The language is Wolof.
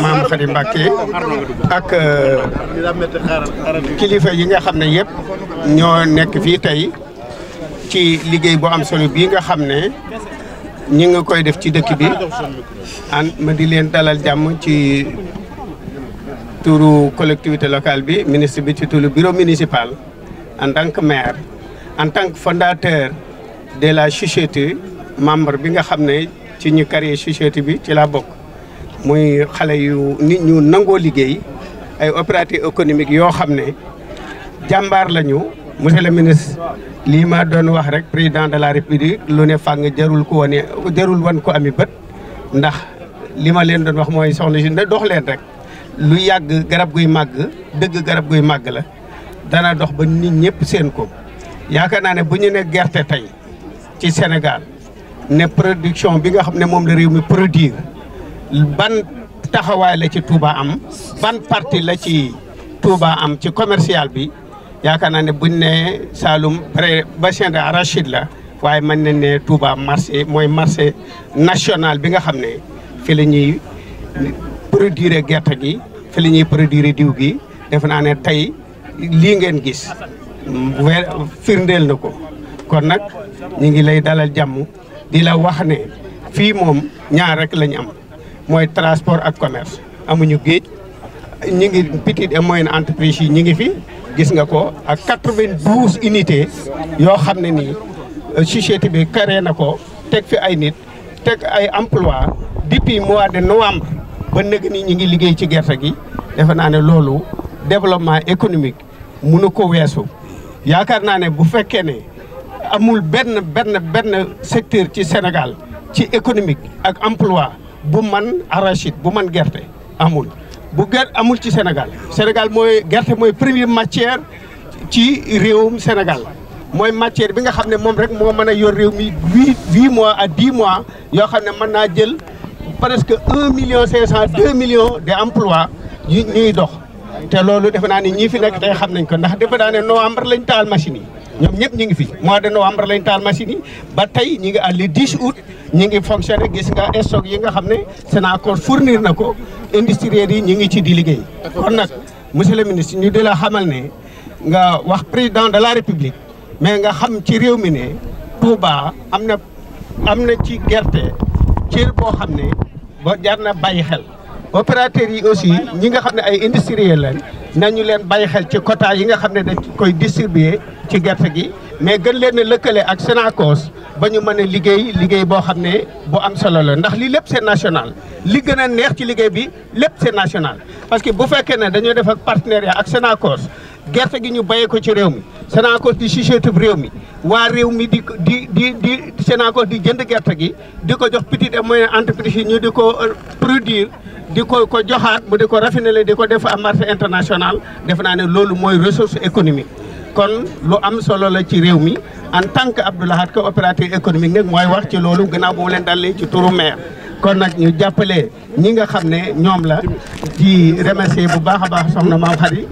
maam Khady Mbacké ak euh, kilifa yi nga xam ne yëpp ñoo nekk fii tey ci liggéey bu am solo nga ñi nga koy def ci dëkk bi an ma di leen dalal jàmm ci turu collectivité locale bi ministre bi ci turu bureau municipal en tant que maire en tant que fondateur de la société membre bi nga xam ci ñu créé bi ci bokk muy xale yu nit ñu nangoo liggéey ay opérateurs économiques yoo xam ne jàmbaar lañu monsieur le ministre lii ma doon wax rek président de la république lu ne fàng jarul ko wane jarul wan ko ami bët ndax li ma leen doon wax mooy soxla si ne dox leen rek lu yàgg garab guy màgg dëgg garab guy màgg la dana dox ba nit ñëpp seen ko yaakaar naa ne bu ñu ne gerte tey ci Sénégal ne production bi nga xam ne moom la réew mi produire ban taxaway la ci Touba am ban parti la ci Touba am ci commercial bi ya naa ne buñ ne salum pré bassin de rachid la waye man nañ ne Touba marché moy marché national bi nga xamné fi la ñuy produire gerte gi fi la ñuy produire diw gi def na ne tay li ngeen gis firndel nako kon nak ñi ngi lay dalal jamm di la wax ne fi mom ñaar rek lañ am mooy transport ak commerce amuñu géej ñu ngi petite et moyenne entreprise yi ñu ngi fi gis nga ko ak 92 unités yoo xam ne ni euh, société bi créé na ko teg fi ay nit teg ay emploi depuis mois de novembre ba nëg ni ñu ngi liggéey ci gerte gi defe naa ne loolu développement économique mënu ko weesu yaakaar naa ne bu fekkee ne amul benn benn benn secteur ci Sénégal ci économique ak emploi bu man arachide bu man gerte amul bu gerte amul ci Sénégal Sénégal mooy gerte mooy première matière ci réewum Sénégal mooy matière bi nga xam ne moom rek moo mën a yor réew mi huit huit mois à dix mois yoo xam ne mën naa jël presque un million cinq cent deux millions de emplois ñuy dox te loolu defe naa ne ñii fi nekk tey xam nañ ko ndax defe naa ne novembre lañ taal machine yi ñoom ñëpp ñu ngi fi mois de novembre lañ taal machine yi ba tey ñi ngi à le 10 août ñu ngi fonctionné gis nga stock yi nga xam ne ko fournir na ko industriels yi ñu ngi ci di liggéey. kon nag monsieur le ministre ñu di la xamal ne nga wax président de la république mais nga xam ci réew mi ne Touba am na am na ci gerte cër boo xam ne ba jar na bàyyi xel opérateurs yi aussi ñi nga xam ne ay industriels lañ. nañu leen bàyyi xel ci quota yi nga xam ne dañ koy distribuer ci gerte gi mais gën leen a lëkkale ak senacos ba ñu mën a liggéey liggéey boo xam ne bu am solo la ndax li lépp c'est national li gën a neex ci liggéey bi lépp c'est national parce que bu fekkee ne dañoo def ak partenariat ak senacos gerte gi ñu bàyyee ko ci réew mi Sonacos di chuchétu réew mi waa réew mi di di di di Sonacos di jënd gerte gi di ko jox petite et moyenne entreprise yi ñu di ko euh, produire di ko ko joxaat mu di ko raffinale di ko def à marché international def naa ne loolu mooy ressource économique kon lu am solo la ci réew mi en tant que Abdou Lahad Ka opérateur économique nag mooy wax ci loolu gannaaw bu leen dalee ci turu maire kon nag ñu jàppale ñi nga xam ne ñoom la ci remercier bu baax a baax soxna Maam Khady